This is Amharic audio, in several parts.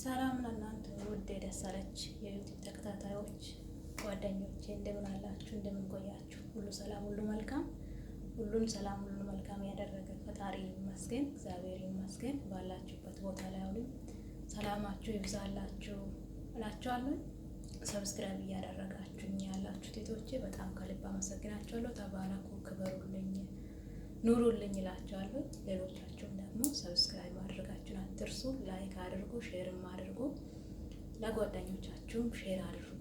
ሰላም ለእናንተ ውድ የደሳለች የዩቲዩብ ተከታታዮች ጓደኞቼ፣ እንደምን አላችሁ? እንደምን ቆያችሁ? ሁሉ ሰላም፣ ሁሉ መልካም፣ ሁሉም ሰላም፣ ሁሉ መልካም ያደረገ ፈጣሪ ይመስገን፣ እግዚአብሔር ይመስገን። ባላችሁበት ቦታ ላይ ሁሉም ሰላማችሁ ይብዛላችሁ እላችኋለሁ። ሰብስክራይብ እያደረጋችሁ ያላችሁ ቴቶቼ በጣም ከልብ አመሰግናችኋለሁ። ተባረኩ፣ ክበሩልኝ፣ ኑሩልኝ እላችኋለሁ። ሌሎቻችሁም ደግሞ ሰብስክራይብ ማድረግ አትርሱ። ላይክ አድርጉ፣ ሼርም አድርጉ፣ ለጓደኞቻችሁም ሼር አድርጉ።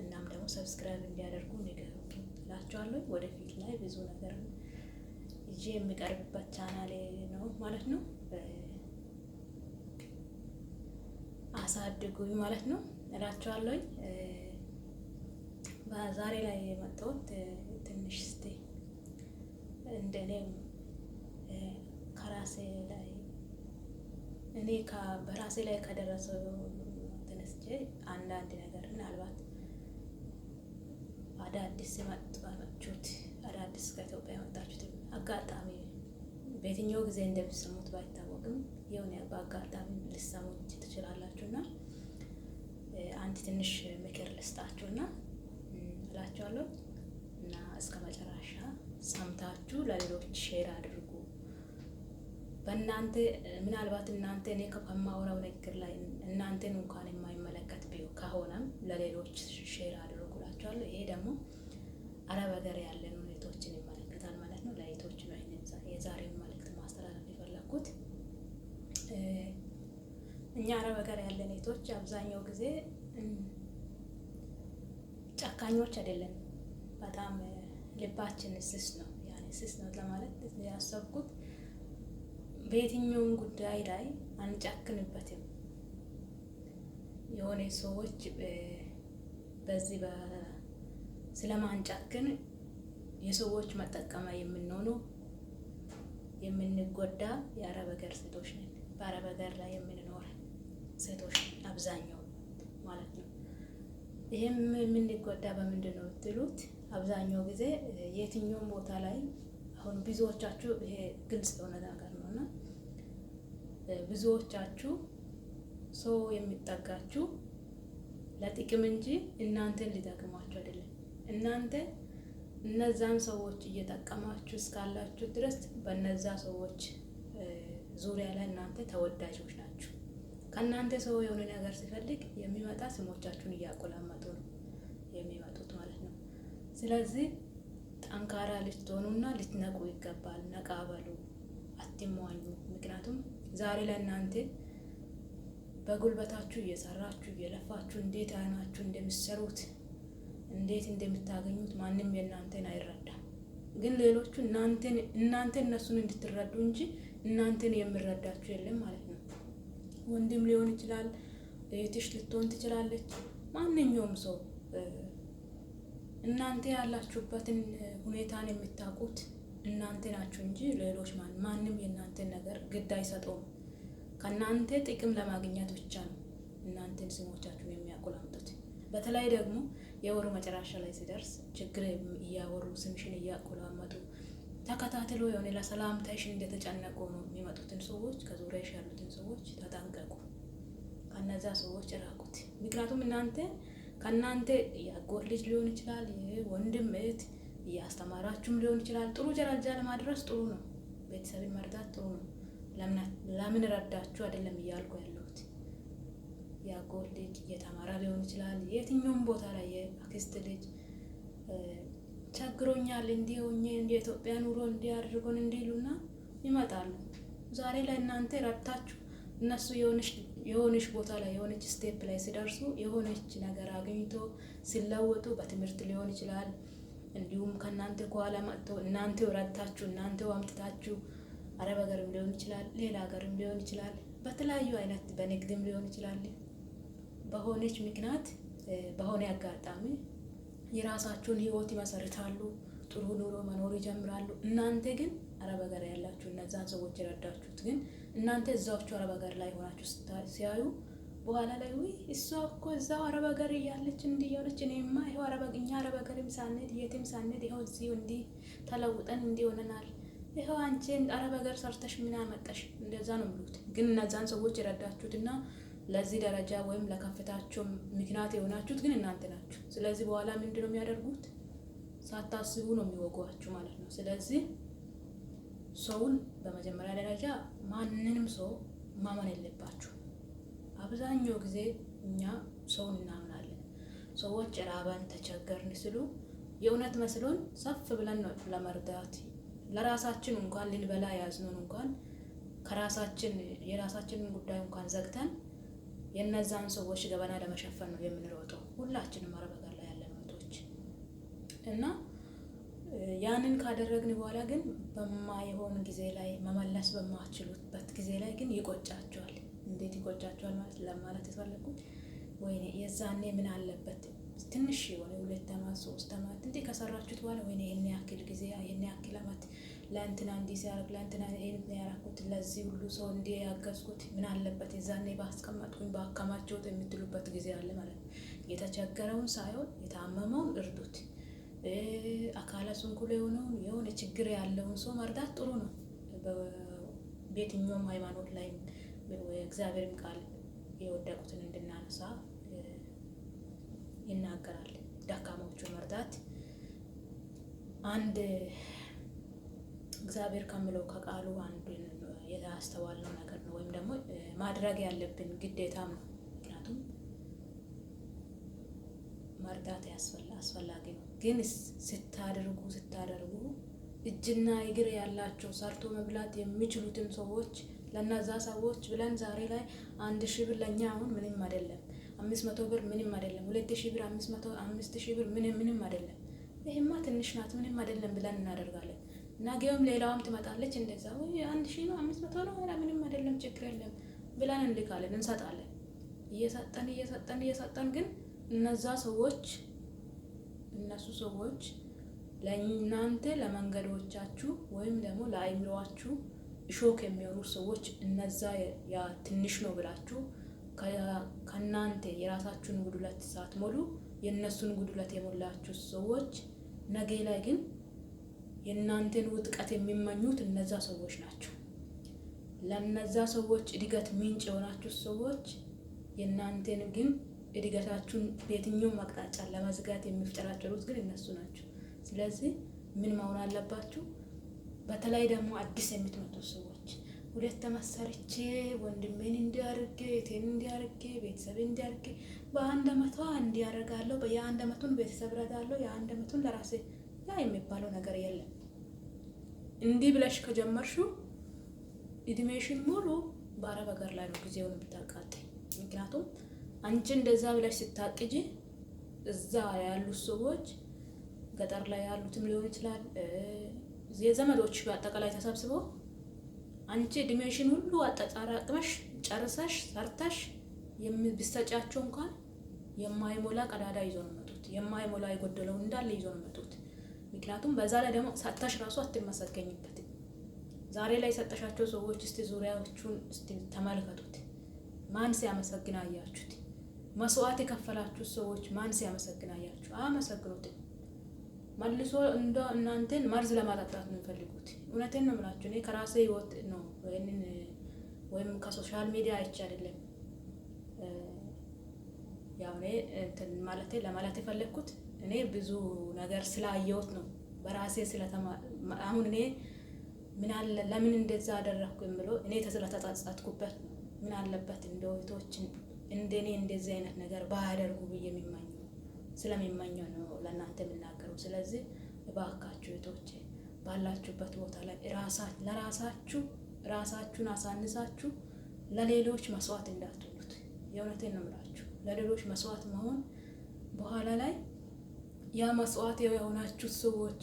እናም ደግሞ ሰብስክራይብ እንዲያደርጉ ንገሩ እላችኋለሁ። ወደፊት ላይ ብዙ ነገር ይዤ የሚቀርብበት ቻናል ነው ማለት ነው። አሳድጉኝ ማለት ነው እላችኋለሁ። በዛሬ ላይ የመጣሁት ትንሽ ስቴ እንደኔም ከራሴ ላይ እኔ በራሴ ላይ ከደረሰው ተነስቼ አንዳንድ ነገር ምናልባት አዳዲስ የመጣችሁት አዳዲስ ከኢትዮጵያ የመጣችሁት አጋጣሚ በየትኛው ጊዜ እንደሚሰሙት ባይታወቅም የሆነ በአጋጣሚ ልሰሙት ትችላላችሁና አንድ ትንሽ ምክር ልስጣችሁና እላችኋለሁ እና እስከ መጨረሻ ሰምታችሁ ለሌሎች ሼር አድርጉ። በእናንተ ምናልባት እናንተ እኔ ከማውራው ንግግር ላይ እናንተን እንኳን የማይመለከት ቢሆን ከሆነም ለሌሎች ሼር አድርጉላቸዋል። ይሄ ደግሞ አረብ ሀገር ያለን ሁኔቶችን ይመለከታል ማለት ነው። ለይቶች ነው የዛሬውን መልእክት ማስተላለፍ የፈለግኩት። እኛ አረብ ሀገር ያለን ቶች አብዛኛው ጊዜ ጨካኞች አይደለም። በጣም ልባችን ስስ ነው፣ ስስ ነው ለማለት ያሰብኩት በየትኛውም ጉዳይ ላይ አንጫክንበትም። የሆነ ሰዎች በዚህ ስለማንጫክን የሰዎች መጠቀማ የምንሆኑ የምንጎዳ የአረብ ሀገር ሴቶች ነን። በአረብ ሀገር ላይ የምንኖር ሴቶች አብዛኛው ማለት ነው። ይህም የምንጎዳ በምንድን ነው ትሉት? አብዛኛው ጊዜ የትኛውም ቦታ ላይ አሁን ብዙዎቻችሁ ይሄ ግልጽ የሆነ ነገር ነውና ብዙዎቻችሁ ሰው የሚጠጋችሁ ለጥቅም እንጂ እናንተን ሊጠቅማችሁ አይደለም። እናንተ እነዛን ሰዎች እየጠቀማችሁ እስካላችሁ ድረስ በነዛ ሰዎች ዙሪያ ላይ እናንተ ተወዳጆች ናችሁ። ከእናንተ ሰው የሆነ ነገር ሲፈልግ የሚመጣ ስሞቻችሁን እያቆላመጡ ነው የሚመጡት ማለት ነው። ስለዚህ ጠንካራ ልትሆኑና ልትነቁ ይገባል። ነቃ በሉ። አትሟኙ። ምክንያቱም ዛሬ ለእናንተ በጉልበታችሁ እየሰራችሁ እየለፋችሁ እንዴት አይናችሁ እንደሚሰሩት እንዴት እንደምታገኙት ማንም የእናንተን አይረዳም። ግን ሌሎቹ እናንተ እነሱን እንድትረዱ እንጂ እናንተን የምረዳችሁ የለም ማለት ነው። ወንድም ሊሆን ይችላል፣ እህትሽ ልትሆን ትችላለች። ማንኛውም ሰው እናንተ ያላችሁበትን ሁኔታን የምታውቁት እናንተ ናችሁ እንጂ ሌሎች ማንም የእናንተን ነገር ግድ አይሰጠውም። ከእናንተ ጥቅም ለማግኘት ብቻ ነው እናንተን ስሞቻችሁን የሚያቆላምጡት። በተለይ ደግሞ የወሩ መጨረሻ ላይ ሲደርስ ችግር እያወሩ ስምሽን እያቆላመጡ ተከታትሎ የሆነ ለሰላምታሽ እንደተጨነቁ ነው የሚመጡትን ሰዎች፣ ከዙሪያሽ ያሉትን ሰዎች ተጠንቀቁ። ከነዛ ሰዎች ራቁት። ምክንያቱም እናንተ ከእናንተ የአጎት ልጅ ሊሆን ይችላል፣ ወንድም እህት እያስተማራችሁም ሊሆን ይችላል። ጥሩ ጀራጃ ለማድረስ ጥሩ ነው። ቤተሰብን መርዳት ጥሩ ነው። ለምን ረዳችሁ አይደለም እያልኩ ያለሁት የአጎት ልጅ እየተማረ ሊሆን ይችላል። የትኛውም ቦታ ላይ የአክስት ልጅ ቸግሮኛል፣ እንዲህ ሆኜ እንደ ኑሮ እንዲህ አድርጎን እንዲሉና ይመጣሉ። ዛሬ ላይ እናንተ ረድታችሁ እነሱ የሆነች ቦታ ላይ የሆነች ስቴፕ ላይ ሲደርሱ የሆነች ነገር አግኝቶ ሲለወጡ በትምህርት ሊሆን ይችላል እንዲሁም ከእናንተ ከኋላ መጥቶ እናንተ ረታችሁ እናንተ አምጥታችሁ አረብ ሀገርም ሊሆን ይችላል፣ ሌላ ሀገርም ሊሆን ይችላል፣ በተለያዩ አይነት በንግድም ሊሆን ይችላል። በሆነች ምክንያት በሆነ አጋጣሚ የራሳችሁን ህይወት ይመሰርታሉ፣ ጥሩ ኑሮ መኖር ይጀምራሉ። እናንተ ግን አረብ ሀገር ያላችሁ እነዛን ሰዎች የረዳችሁት ግን እናንተ እዛዎቹ አረብ ሀገር ላይ ሆናችሁ ሲያዩ በኋላ ላይ ውይ እሷ እኮ እዛው አረብ ሀገር እያለች እንዲህ እያለች እኔማ ይኸው እኛ አረብ ሀገርም ሳንሄድ የትም ሳንሄድ ይኸው እዚሁ እንዲህ ተለውጠን እንዲህ ሆነናል። ይኸው አንቺ አረብ ሀገር ሰርተሽ ምን አመጣሽ? እንደዛ ነው የሚሉት። ግን እነዛን ሰዎች የረዳችሁትና ለዚህ ደረጃ ወይም ለከፍታቸው ምክንያት የሆናችሁት ግን እናንተ ናችሁ። ስለዚህ በኋላ ምንድን ነው የሚያደርጉት? ሳታስቡ ነው የሚወጓችሁ ማለት ነው። ስለዚህ ሰውን በመጀመሪያ ደረጃ ማንንም ሰው ማመን የለባችሁ። አብዛኛው ጊዜ እኛ ሰው እናምናለን። ሰዎች ራበን፣ ተቸገርን ሲሉ የእውነት መስሎን ሰፍ ብለን ነው ለመርዳት ለራሳችን እንኳን ልንበላ ያዝኑን እንኳን ከራሳችን የራሳችንን ጉዳይ እንኳን ዘግተን የነዛን ሰዎች ገበና ለመሸፈን ነው የምንሮጠው። ሁላችንም አረበጋር ላይ ያለን ወንዶች እና ያንን ካደረግን በኋላ ግን በማይሆን ጊዜ ላይ መመለስ በማችሉበት ጊዜ ላይ ግን ይቆጫቸዋል። እንዴት ይጎጃቸዋል ማለት ለማለት የፈለኩት ወይኔ የዛኔ ምን አለበት ትንሽ የሆነ ሁለት አመት ሶስት አመት እንዴ ከሰራችሁት በኋላ ወይኔ ይህን ያክል ጊዜ ይህን ያክል አመት ለእንትና እንዲህ ሲያደርግ ለእንትና ይህን ያደረኩት ለዚህ ሁሉ ሰው እንዲህ ያገዝኩት ምን አለበት የዛኔ ባስቀመጥኩኝ ባከማቸውት የምትሉበት ጊዜ አለ ማለት ነው። የተቸገረውን ሳይሆን የታመመውን እርዱት። አካለ ስንኩል የሆነውን የሆነ ችግር ያለውን ሰው መርዳት ጥሩ ነው። በየትኛውም ሃይማኖት ላይ እግዚአብሔርም ቃል የወደቁትን እንድናነሳ ይናገራል። ደካሞቹ መርዳት አንድ እግዚአብሔር ከምለው ከቃሉ አንዱ ያስተዋልነው ነገር ነው፣ ወይም ደግሞ ማድረግ ያለብን ግዴታም ነው። ምክንያቱም መርዳት አስፈላጊ ነው። ግን ስታደርጉ ስታደርጉ እጅና እግር ያላቸው ሰርቶ መብላት የሚችሉትን ሰዎች ለነዛ ሰዎች ብለን ዛሬ ላይ አንድ ሺህ ብር ለእኛ አሁን ምንም አይደለም። አምስት መቶ ብር ምንም አይደለም። ሁለት ሺህ ብር፣ አምስት መቶ አምስት ሺህ ብር ምንም ምንም አይደለም። ይህማ ትንሽ ናት ምንም አይደለም ብለን እናደርጋለን። ነገም ሌላዋም ትመጣለች እንደዛ ወይ አንድ ሺህ ነው አምስት መቶ ነው ምንም አይደለም ችግር የለም ብለን እንልካለን፣ እንሰጣለን። እየሰጠን እየሰጠን እየሰጠን ግን እነዛ ሰዎች እነሱ ሰዎች ለእናንተ ለመንገዶቻችሁ ወይም ደግሞ ለአይምሮዋችሁ ሾክ የሚሆኑ ሰዎች እነዛ ያ ትንሽ ነው ብላችሁ ከእናንተ የራሳችሁን ጉድለት ሳትሞሉ የእነሱን ጉድለት የሞላችሁ ሰዎች ነገ ላይ ግን የእናንተን ውጥቀት የሚመኙት እነዛ ሰዎች ናቸው። ለእነዛ ሰዎች እድገት ምንጭ የሆናችሁ ሰዎች የእናንተን ግን እድገታችሁን በየትኛውም አቅጣጫ ለመዝጋት የሚፍጨራጨሩት ግን እነሱ ናቸው። ስለዚህ ምን መሆን አለባችሁ? በተለይ ደግሞ አዲስ የምትመጡ ሰዎች ሁለት ተመሰርቼ ወንድሜን እንዲያርጌ ቴን እንዲያርጌ ቤተሰብ እንዲያርጌ በአንድ ዓመቷ እንዲያረጋለሁ የአንድ ዓመቱን ቤተሰብ ረዳለሁ የአንድ ዓመቱን ለራሴ ያ የሚባለው ነገር የለም። እንዲህ ብለሽ ከጀመርሹ እድሜሽን ሙሉ በአረብ ሀገር ላይ ነው ጊዜውን የምታቃጥ። ምክንያቱም አንቺ እንደዛ ብለሽ ስታቅጂ እዛ ያሉት ሰዎች ገጠር ላይ ያሉትም ሊሆን ይችላል የዘመዶች በአጠቃላይ ተሰብስበው አንቺ እድሜሽን ሁሉ አጠራቅመሽ ጨርሰሽ ሰርተሽ ብትሰጫቸው እንኳን የማይሞላ ቀዳዳ ይዞ ነው መጡት። የማይሞላ የጎደለው እንዳለ ይዞ ነው መጡት። ምክንያቱም በዛ ላይ ደግሞ ሰጥተሽ ራሱ አትመሰገኝበትም። ዛሬ ላይ የሰጠሻቸው ሰዎች እስቲ ዙሪያዎቹን እስቲ ተመልከቱት። ማን ሲያመሰግን አያችሁት? መስዋዕት የከፈላችሁ ሰዎች ማን ሲያመሰግን አያችሁ? አያመሰግኑትም። መልሶ እንደ እናንተን መርዝ ለማጠጣት ነው የሚፈልጉት። እውነቴን ነው የምላችሁ። እኔ ከራሴ ህይወት ነው ይህንን ወይም ከሶሻል ሚዲያ አይቼ አይደለም ያው እኔ እንትን ማለት ለማለት የፈለግኩት እኔ ብዙ ነገር ስላየሁት ነው በራሴ ስለተማ አሁን እኔ ምን አለ ለምን እንደዛ አደረግኩ ብሎ እኔ ስለተጸጸትኩበት ምን አለበት እንደ እህቶችን እንደኔ እንደዚህ አይነት ነገር ባያደርጉ ብዬ የሚመኘው ስለሚመኘው ነው ለእናንተ የምናገ ስለዚህ እባካችሁ እህቶቼ ባላችሁበት ቦታ ላይ ለራሳችሁ ራሳችሁን አሳንሳችሁ ለሌሎች መስዋዕት እንዳትሉት። የእውነቴን ነው የምላችሁ። ለሌሎች መስዋዕት መሆን በኋላ ላይ ያ መስዋዕት የሆናችሁ ሰዎች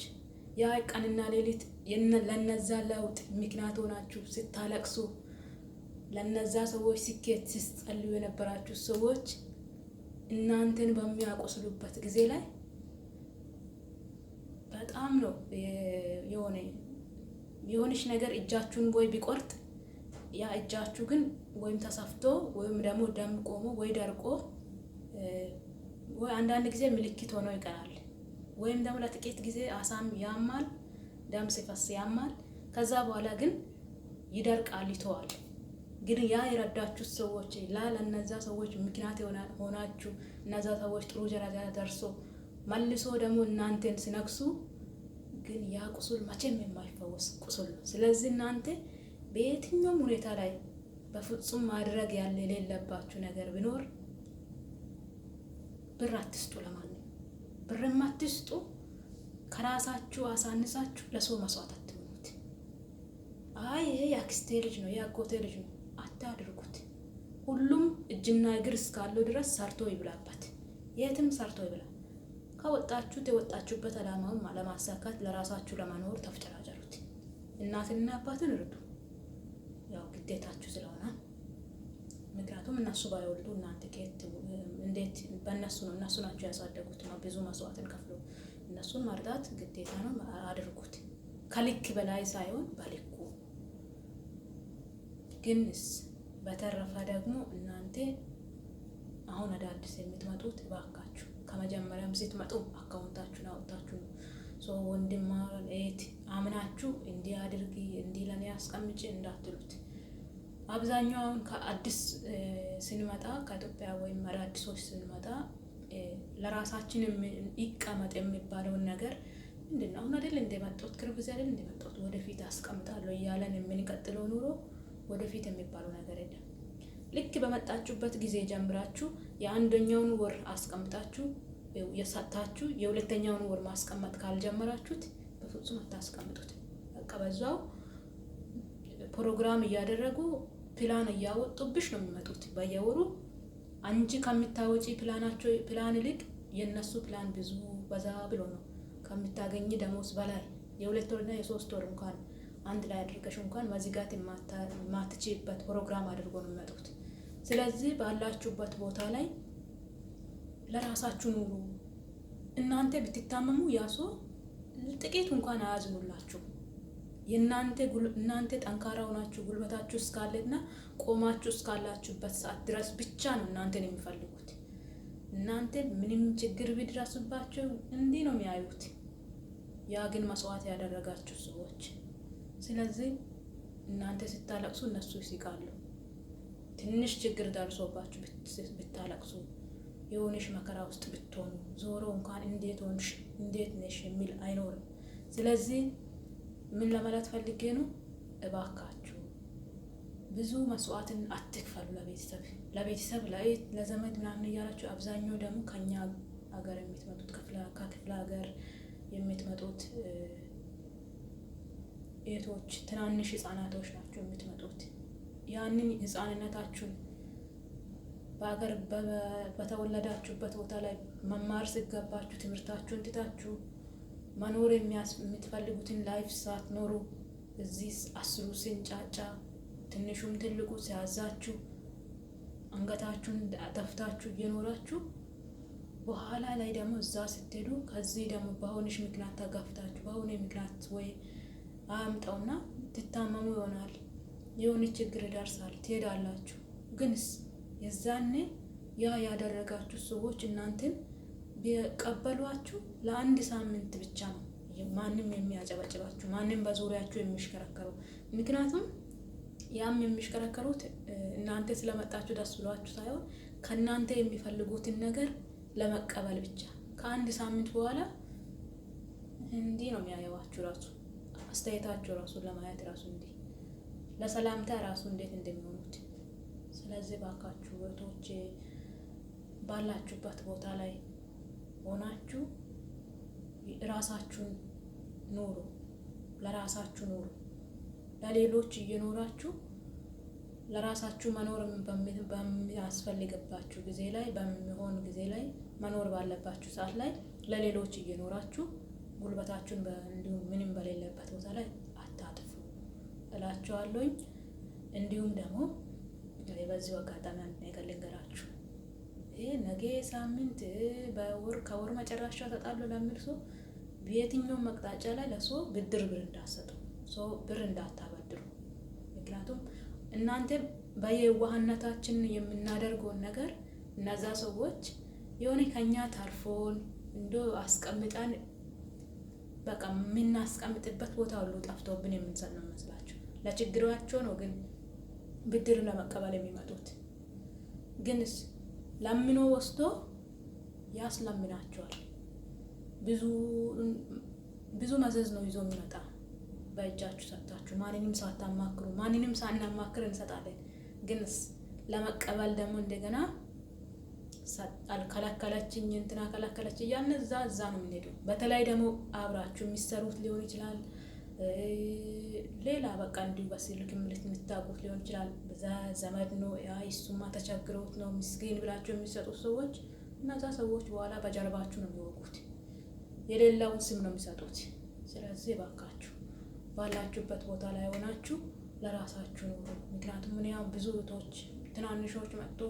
ያ ቀንና ሌሊት ለነዛ ለውጥ ምክንያት ሆናችሁ ስታለቅሱ፣ ለነዛ ሰዎች ስኬት ስትጸልዩ የነበራችሁ ሰዎች እናንተን በሚያቆስሉበት ጊዜ ላይ በጣም ነው የሆነ የሆነች ነገር እጃችሁን ወይ ቢቆርጥ ያ እጃችሁ ግን ወይም ተሰፍቶ ወይም ደግሞ ደም ቆሞ ወይ ደርቆ ወይ አንዳንድ ጊዜ ምልክት ሆኖ ይቀራል። ወይም ደግሞ ለጥቂት ጊዜ አሳም ያማል፣ ደም ሲፈስ ያማል። ከዛ በኋላ ግን ይደርቃል፣ ይተዋል። ግን ያ የረዳችሁት ሰዎች ላ ለነዛ ሰዎች ምክንያት ሆናችሁ እነዛ ሰዎች ጥሩ ደረጃ ደርሶ መልሶ ደግሞ እናንተን ሲነክሱ ግን ያ ቁስል መቼም የማይፈወስ ቁስል ነው። ስለዚህ እናንተ በየትኛውም ሁኔታ ላይ በፍጹም ማድረግ ያለ የሌለባችሁ ነገር ቢኖር ብር አትስጡ። ለማንም ብርም አትስጡ። ከራሳችሁ አሳንሳችሁ ለሰው መስዋዕት አትሆኑት። አይ ይሄ የአክስቴ ልጅ ነው የአጎቴ ልጅ ነው አታድርጉት። ሁሉም እጅና እግር እስካለው ድረስ ሰርቶ ይብላባት። የትም ሰርቶ ይብላል። ከወጣችሁት የወጣችሁበት ዓላማውን ለማሳካት ለራሳችሁ ለመኖር ተፍጨራጨሩት። እናትንና አባትን እርዱ፣ ያው ግዴታችሁ ስለሆነ ምክንያቱም እነሱ ባይወልዱ እናንተ ከየት እንዴት በእነሱ ነው እነሱ ናቸው ያሳደጉት ነው። ብዙ መስዋዕትን ከፍሎ እነሱን መርዳት ግዴታ ነው። አድርጉት ከልክ በላይ ሳይሆን በልኩ ግንስ። በተረፈ ደግሞ እናንተ አሁን አዳዲስ የምትመጡት ባካ ከመጀመሪያም ስትመጡ አካውንታችሁን አውጥታችሁ ሰው ወንድም አምናችሁ እንዲህ አድርጊ እንዲህ ለኔ አስቀምጭ እንዳትሉት። አብዛኛው አሁን ከአዲስ ስንመጣ ከኢትዮጵያ ወይም አዳዲሶች ስንመጣ ለራሳችን ይቀመጥ የሚባለውን ነገር ምንድን ነው? አሁን አይደል እንደመጣሁት ቅርብ ጊዜ አይደል እንደመጣሁት ወደፊት አስቀምጣለሁ እያለን የምንቀጥለው ኑሮ ወደፊት የሚባለው ነገር የለም። ልክ በመጣችሁበት ጊዜ ጀምራችሁ የአንደኛውን ወር አስቀምጣችሁ የሳታችሁ የሁለተኛውን ወር ማስቀመጥ ካልጀመራችሁት በፍጹም አታስቀምጡት። በቃ በዛው ፕሮግራም እያደረጉ ፕላን እያወጡብሽ ነው የሚመጡት። በየወሩ አንቺ ከምታወጪ ፕላናቸው ፕላን ይልቅ የእነሱ ፕላን ብዙ በዛ ብሎ ነው ከምታገኝ ደሞዝ በላይ የሁለት ወርና የሶስት ወር እንኳን አንድ ላይ አድርገሽ እንኳን መዝጋት የማትችበት ፕሮግራም አድርጎ ነው የሚመጡት። ስለዚህ ባላችሁበት ቦታ ላይ ለራሳችሁ ኑሩ። እናንተ ብትታመሙ ያሶ ጥቂት እንኳን አያዝኑላችሁ። የእናንተ እናንተ ጠንካራ ሆናችሁ ጉልበታችሁ እስካለና ቆማችሁ እስካላችሁበት ሰዓት ድረስ ብቻ ነው እናንተን የሚፈልጉት። እናንተ ምንም ችግር ቢደርስባችሁ እንዲህ ነው የሚያዩት። ያ ግን መስዋዕት ያደረጋችሁ ሰዎች። ስለዚህ እናንተ ስታለቅሱ እነሱ ይስቃሉ። ትንሽ ችግር ደርሶባችሁ ብታለቅሱ የሆነሽ መከራ ውስጥ ብትሆኑ ዞሮ እንኳን እንዴት ሆንሽ፣ እንዴት ነሽ የሚል አይኖርም። ስለዚህ ምን ለማለት ፈልጌ ነው? እባካችሁ ብዙ መስዋዕትን አትክፈሉ። ለቤተሰብ ለቤተሰብ ለዘመድ ምናምን እያላችሁ አብዛኛው ደግሞ ከኛ ሀገር የምትመጡት ከክፍለ ሀገር የምትመጡት ቤቶች ትናንሽ ህጻናቶች ናቸው የምትመጡት ያንን ህጻንነታችሁን በሀገር በተወለዳችሁበት ቦታ ላይ መማር ሲገባችሁ ትምህርታችሁን ትታችሁ መኖር የምትፈልጉትን ላይፍ ሳትኖሩ እዚህ አስሩ ሲንጫጫ ትንሹም ትልቁ ሲያዛችሁ አንገታችሁን ተፍታችሁ እየኖራችሁ በኋላ ላይ ደግሞ እዛ ስትሄዱ ከዚህ ደግሞ በአሁንሽ ምክንያት ተጋፍታችሁ በአሁኑ ምክንያት ወይ አያምጠውና ትታመሙ ይሆናል የሆነ ችግር ይደርሳል ትሄዳላችሁ ግንስ የዛኔ ያ ያደረጋችሁ ሰዎች እናንተን ቢቀበሏችሁ ለአንድ ሳምንት ብቻ ነው ማንም የሚያጨበጭባችሁ፣ ማንም በዙሪያችሁ የሚሽከረከረው። ምክንያቱም ያም የሚሽከረከሩት እናንተ ስለመጣችሁ ደስ ብሏችሁ ሳይሆን ከእናንተ የሚፈልጉትን ነገር ለመቀበል ብቻ። ከአንድ ሳምንት በኋላ እንዲህ ነው የሚያየዋችሁ። ራሱ አስተያየታችሁ ራሱ ለማየት ራሱ እንዲህ ለሰላምታ ራሱ እንዴት እንደሚሆኑ ስለዚህ ባካችሁ እህቶቼ ባላችሁበት ቦታ ላይ ሆናችሁ ራሳችሁን ኑሩ፣ ለራሳችሁ ኑሩ። ለሌሎች እየኖራችሁ ለራሳችሁ መኖር በሚያስፈልግባችሁ ጊዜ ላይ በሚሆን ጊዜ ላይ መኖር ባለባችሁ ሰዓት ላይ ለሌሎች እየኖራችሁ ጉልበታችሁን እንዲሁም ምንም በሌለበት ቦታ ላይ አታጥፉ እላቸዋለኝ እንዲሁም ደግሞ በዚሁ አጋጣሚ አንድ ነገር ልንገራችሁ። ይህ ነገ ሳምንት፣ በወር ከወር መጨረሻ ተጣሉ ለሚል ሰው በየትኛውም መቅጣጫ ላይ ለሰው ብድር ብር እንዳሰጡ ሰው ብር እንዳታበድሩ። ምክንያቱም እናንተ በየዋህነታችን የምናደርገውን ነገር እነዛ ሰዎች የሆነ ከኛ ታርፎን እንዶ አስቀምጠን በቃ የምናስቀምጥበት ቦታ ሁሉ ጠፍቶብን የምንሰል ነው ይመስላችሁ። ለችግራቸው ነው ግን ብድር ለመቀበል የሚመጡት ግንስ ለምኖ ወስዶ ያስለምናቸዋል። ብዙ መዘዝ ነው ይዞ የሚመጣ። በእጃችሁ ሰጥታችሁ ማንንም ሳታማክሩ ማንንም ሳናማክር እንሰጣለን። ግንስ ለመቀበል ደግሞ እንደገና ከለከለችኝ እንትና ከለከለች እያልን እዛ ነው የምንሄደው። በተለይ ደግሞ አብራችሁ የሚሰሩት ሊሆን ይችላል ሌላ በቃ እንዲሁ በስልክ ምልት የምታውቁት ሊሆን ይችላል። በዛ ዘመድ ነው ይሱማ ተቸግረውት ነው ምስኪን ብላቸው የሚሰጡት ሰዎች እነዛ ሰዎች በኋላ በጀርባችሁ ነው የሚወጉት፣ የሌላውን ስም ነው የሚሰጡት። ስለዚህ ባካችሁ ባላችሁበት ቦታ ላይ ሆናችሁ ለራሳችሁ ኑሩ። ምክንያቱም ምን ያው ብዙ እህቶች ትናንሾች መጥቶ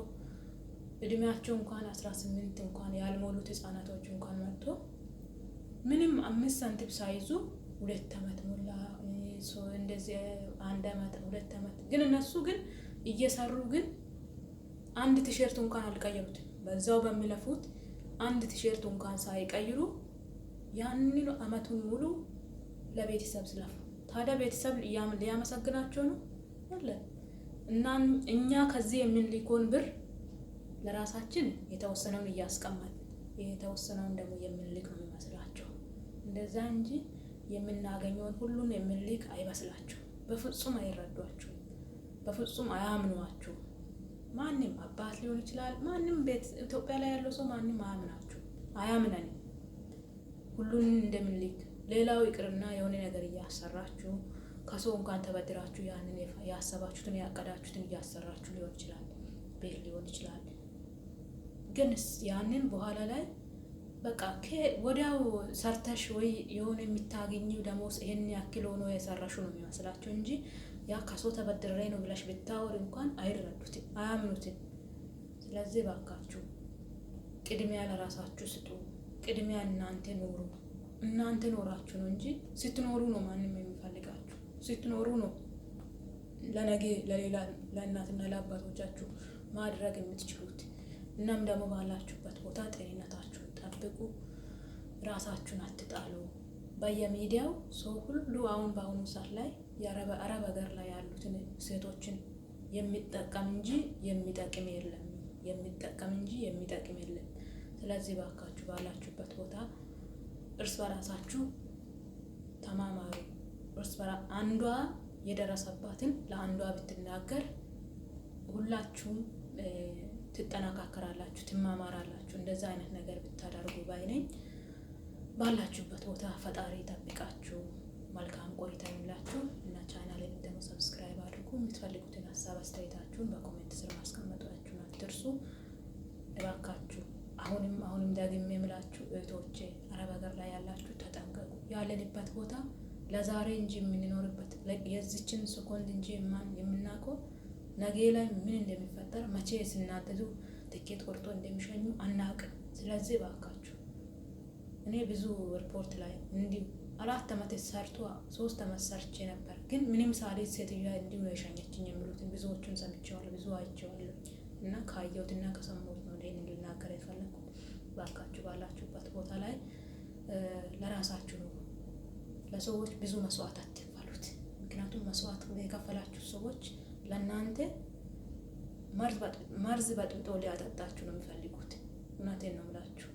እድሜያቸው እንኳን አስራ ስምንት እንኳን ያልሞሉት ህጻናቶች እንኳን መጥቶ ምንም አምስት ሳንቲም ሳይዙ ሁለት ዓመት ሞላ እንደዚህ አንድ ዓመት ሁለት ዓመት ግን እነሱ ግን እየሰሩ ግን አንድ ቲሸርት እንኳን አልቀየሩትም። በዛው በሚለፉት አንድ ቲሸርት እንኳን ሳይቀይሩ ያንን ዓመቱን ሙሉ ለቤተሰብ ስለፉ። ታዲያ ቤተሰብ ሊያመሰግናቸው ነው አለ እና እኛ ከዚህ የምንልኮን ብር ለራሳችን የተወሰነውን እያስቀመጥ የተወሰነውን ደግሞ የምንልክ ነው የሚመስላቸው እንደዛ እንጂ የምናገኘውን ሁሉን የምንልክ አይመስላችሁ። በፍጹም አይረዷችሁ፣ በፍጹም አያምኗችሁ። ማንም አባት ሊሆን ይችላል፣ ማንም ቤት ኢትዮጵያ ላይ ያለው ሰው ማንም አያምናችሁ፣ አያምነንም። ሁሉን እንደምንልክ ሌላው ይቅርና የሆነ ነገር እያሰራችሁ ከሰው እንኳን ተበድራችሁ ያንን ያሰባችሁትን ያቀዳችሁትን እያሰራችሁ ሊሆን ይችላል፣ ቤት ሊሆን ይችላል። ግን ያንን በኋላ ላይ በቃ ወዲያው ሰርተሽ ወይ የሆነ የምታገኘው ደሞዝ ይሄን ያክል ሆኖ የሰራሹ ነው የሚመስላቸው እንጂ ያ ከሰው ተበድሬ ነው ብለሽ ብታወር እንኳን አይረዱትም፣ አያምኑትም። ስለዚህ ባካችሁ ቅድሚያ ለራሳችሁ ስጡ። ቅድሚያ እናንተ ኖሩ። እናንተ ኖራችሁ ነው እንጂ ስትኖሩ ነው ማንም የሚፈልጋችሁ። ስትኖሩ ነው ለነገ ለሌላ ለእናትና ለአባቶቻችሁ ማድረግ የምትችሉት። እናም ደግሞ ባላችሁበት ቦታ ጤንነታችሁ ጠብቁ፣ ራሳችሁን አትጣሉ። በየሚዲያው ሰው ሁሉ አሁን በአሁኑ ሰዓት ላይ የአረብ ሀገር ላይ ያሉትን ሴቶችን የሚጠቀም እንጂ የሚጠቅም የለም። የሚጠቀም እንጂ የሚጠቅም የለም። ስለዚህ ባካችሁ ባላችሁበት ቦታ እርስ በራሳችሁ ተማማሩ። እርስ አንዷ የደረሰባትን ለአንዷ ብትናገር ሁላችሁም ትጠናካከራላችሁ ትማማራላችሁ። እንደዛ አይነት ነገር ብታደርጉ ባይነኝ ባላችሁበት ቦታ ፈጣሪ ጠብቃችሁ መልካም ቆይታ ይሁንላችሁ እና ቻናሌን ደግሞ ሰብስክራይብ አድርጉ። የምትፈልጉትን ሀሳብ አስተያየታችሁን በኮሜንት ስር ማስቀመጣችሁን አትርሱ እባካችሁ። አሁንም አሁንም ደግሜ የምላችሁ እህቶቼ አረብ ሀገር ላይ ያላችሁ ተጠንቀቁ። ያለንበት ቦታ ለዛሬ እንጂ የምንኖርበት የዚችን ሴኮንድ እንጂ የምናውቀው ነገ ላይ ምን እንደሚፈጠር መቼ ስናደዱ ትኬት ቆርጦ እንደሚሸኙ አናውቅም። ስለዚህ ባካችሁ እኔ ብዙ ሪፖርት ላይ እንዲሁ አራት ዓመት ሰርቶ ሶስት ዓመት ሰርቼ ነበር፣ ግን ምንም ሳሌት ሴትዮዋ እንዲሁ ነው የሸኘችኝ የሚሉትን ብዙዎቹን ሰምቼዋለሁ፣ ብዙ አይቼዋለሁ። እና ካየሁትና ከሰማሁት ነው ይህን እንድናገር የፈለኩት። ባካችሁ ባላችሁበት ቦታ ላይ ለራሳችሁ ነው፣ ለሰዎች ብዙ መስዋዕት አትክፈሉት። ምክንያቱም መስዋዕት የከፈላችሁ ሰዎች ለእናንተ መርዝ በጥብጦ ሊያጠጣችሁ ነው የሚፈልጉት። እውነቴን ነው የምላችሁ።